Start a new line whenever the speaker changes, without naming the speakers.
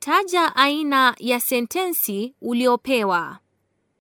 Taja aina ya sentensi uliopewa.